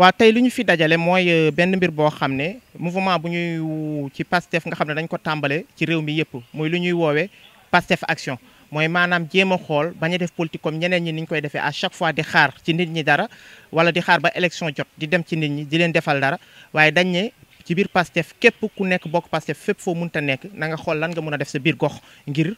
waa tey lu ñu fi dajale mooy euh, benn mbir boo xam ne mouvement bu ñuy ci Pastef nga xam ne dañ ko tàmbale ci réew mi yëpp muy lu ñuy woowee Pastef action mooy maanaam jéem a xool bañ a def politique comme ñeneen ñi ni ñu koy defee à chaque fois di xaar ci nit ñi dara wala di xaar ba élection jot di dem ci nit ñi di leen defal dara waaye dañ ne ci biir Pastef képp ku nekk bokk Pastef fépp foo mun mënta nekk nanga xool lan nga mën a def sa biir gox ngir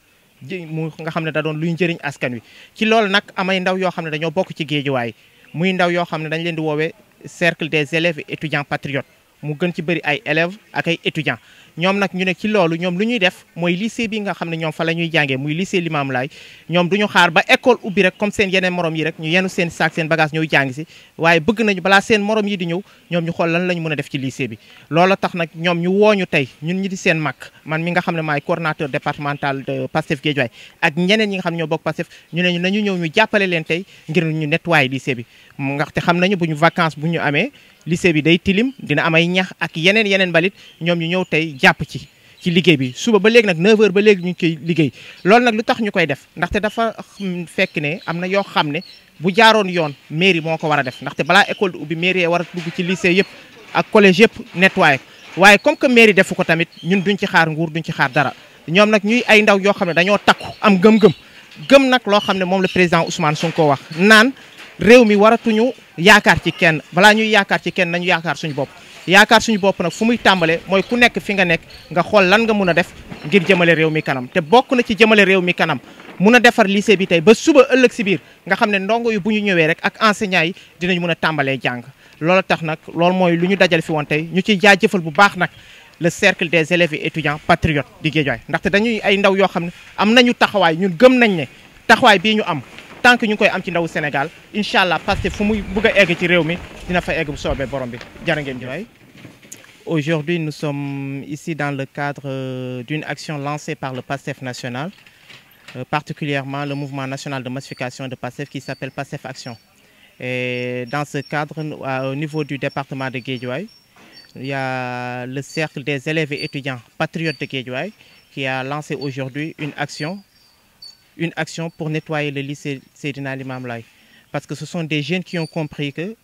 mu nga xam ne da doon luy njëriñ askan wi. ci loolu nag amay ndaw yoo xam ne dañoo bokk ci géejuwaay muy ndaw yoo xam ne dañ leen di cercle des élèves étudiants patriotes mu gën ci bëri ay élèves ak ay étudiants ñoom nag ñu ne ci loolu ñoom lu ñuy def mooy lycée bi nga xam ne ñoom fa la ñuy jàngee muy lycée Limam Laye ñoom du ñu xaar ba école ubbi rek comme seen yeneen morom yi rek ñu jàngi si waaye bëgg nañu ñëw ñu xool lan lañu mën man mi nga xam ne maay coordonnateur départemental de Pastef Guédiawaye ak ñeneen ñi nga xam ne jàppale leen tey ngir ñu nettoyer lycée bi ndaxte xam nañu bu ñu vacance bu ñu amee lycée bi day tilim dina am ay ñax ak yeneen yeneen mbalit ñoom ñu ñëw tey jàpp ci ci liggéey bi suba ba léegi nag 9 ba léegi ñu ngi koy liggéey lool nag lu tax ñu koy def ndaxte dafa fekk ne am na yoo xam ne bu jaaroon yoon mairie moo ko war a def ndaxte balaa école ubbi mairie war a dugg ci lycée yëpp ak collège yëpp nettoyé waaye comme que mairie defu ko tamit ñun duñ ci xaar nguur duñ ci xaar dara ñoom nag ñuy ay ndaw yoo xam ne dañoo takku am gëm-gëm nag loo xam ne moom la président Ousmane Sonko wax naan réew mi waratuñu yaakaar ci kenn balaa ñuy yaakaar ci kenn nañu yaakaar suñu bopp yaakaar suñu bopp nag fu muy tàmbale mooy ku nekk fi nga nekk nga xool lan nga mun a def ngir jëmale réew mi kanam te bokk na ci jëmale réew mi kanam mun a defar lycée bi tey ba suba ëllëg si biir nga xam ne ndongo yu bu ñu ñëwee rek ak enseignants yi dinañ mun a tàmbalee jàng loolu tax nag loolu mooy lu ñu dajal fi woon tey ñu ciy jëfal bu baax nag la cercle des élèves et étudiants patriotes di ndaxte dañuy ay yoo xam ne am nañu taxawaay ñun gëm nañ ne taxawaay bii ñu am tant que nous Sénégal Aujourd'hui, nous sommes ici dans le cadre euh, d'une action lancée par le PASTEF national, euh, particulièrement le mouvement national de massification de PASTEF qui s'appelle PASTEF Action. dans ce cadre, au niveau du département de Guédiouaï, il y a le cercle des élèves et étudiants patriotes de Guédiouaï qui a lancé aujourd'hui une action une action pour nettoyer le lycée Seydina Limamlaï. Parce que ce sont des jeunes qui ont compris que,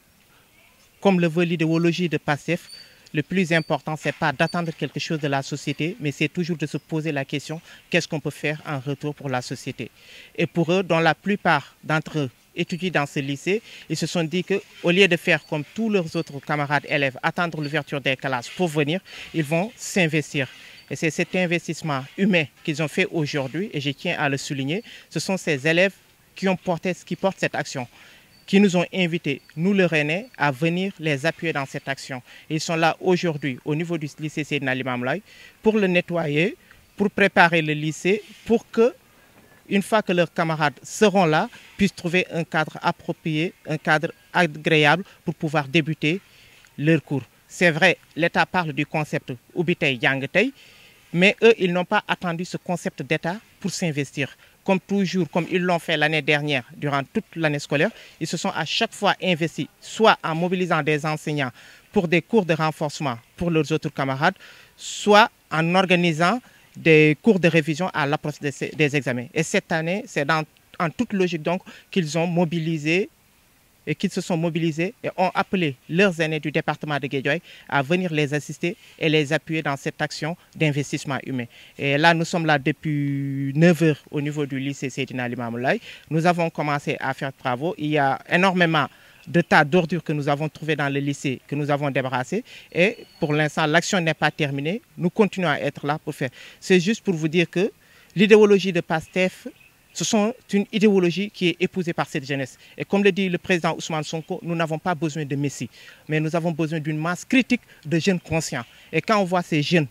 comme le veut l'idéologie de PASSEF, le plus important, ce n'est pas d'attendre quelque chose de la société, mais c'est toujours de se poser la question qu'est-ce qu'on peut faire en retour pour la société. Et pour eux, dont la plupart d'entre eux étudient dans ce lycée, ils se sont dit qu'au lieu de faire comme tous leurs autres camarades élèves, attendre l'ouverture des classes pour venir, ils vont s'investir. Et c'est cet investissement humain qu'ils ont fait aujourd'hui, et je tiens à le souligner, ce sont ces élèves qui, ont porté, qui portent cette action qui nous ont invités, nous le Rennais, à venir les appuyer dans cette action. Ils sont là aujourd'hui au niveau du lycée Sénali pour le nettoyer, pour préparer le lycée, pour que, une fois que leurs camarades seront là, puissent trouver un cadre approprié, un cadre agréable pour pouvoir débuter leur cours. C'est vrai, l'État parle du concept Ubitei Yangtei, mais eux, ils n'ont pas attendu ce concept d'État pour s'investir. Comme toujours, comme ils l'ont fait l'année dernière, durant toute l'année scolaire, ils se sont à chaque fois investis, soit en mobilisant des enseignants pour des cours de renforcement pour leurs autres camarades, soit en organisant des cours de révision à l'approche des, examens. Et cette année, c'est en toute logique donc qu'ils ont mobilisé et qui se sont mobilisés et ont appelé leurs aînés du département de Guédioy à venir les assister et les appuyer dans cette action d'investissement humain. Et là, nous sommes là depuis 9 heures au niveau du lycée Seydina Limamoulaye. Nous avons commencé à faire travaux. Il y a énormément de tas d'ordures que nous avons trouvées dans le lycée, que nous avons débarrassées. Et pour l'instant, l'action n'est pas terminée. Nous continuons à être là pour faire. C'est juste pour vous dire que l'idéologie de PASTEF ce sont une idéologie qui est épousée par cette jeunesse. Et comme le dit le président Ousmane Sonko, nous n'avons pas besoin de Messie, mais nous avons besoin d'une masse critique de jeunes conscients. Et quand on voit ces jeunes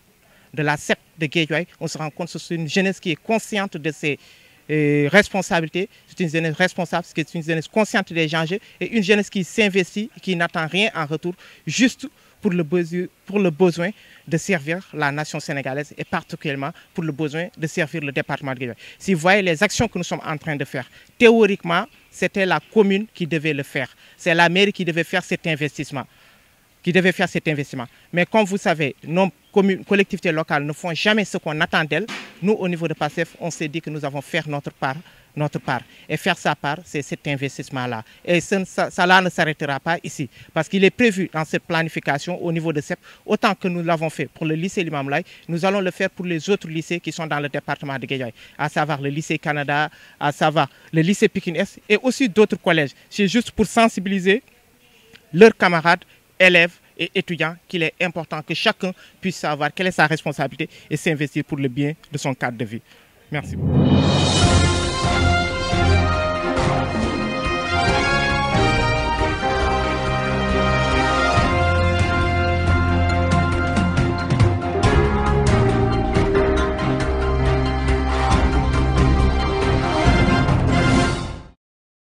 de la secte de gayway on se rend compte que c'est une jeunesse qui est consciente de ses euh, responsabilités. C'est une jeunesse responsable, c'est une jeunesse consciente des dangers. et une jeunesse qui s'investit, qui n'attend rien en retour, juste pour le, besoin de servir la nation sénégalaise et particulièrement pour le besoin de servir le département de Guédiawaye. Si vous voyez les actions que nous sommes en train de faire, théoriquement, c'était la commune qui devait le faire. C'est la mairie qui devait faire cet investissement qui devait faire cet investissement. Mais comme vous savez, nos collectivités locales ne font jamais ce qu'on attend d'elles. Nous, au niveau de PASEF, on s'est dit que nous avons faire notre part notre part. Et faire sa part, c'est cet investissement-là. Et ça, cela ne s'arrêtera pas ici, parce qu'il est prévu dans cette planification au niveau de CEP, autant que nous l'avons fait pour le lycée Limam nous allons le faire pour les autres lycées qui sont dans le département de Guéjaï, à savoir le lycée Canada, à savoir le lycée pékin et aussi d'autres collèges. C'est juste pour sensibiliser leurs camarades, élèves, et étudiants qu'il est important que chacun puisse savoir quelle est sa responsabilité et s'investir pour le bien de son cadre de vie. Merci beaucoup.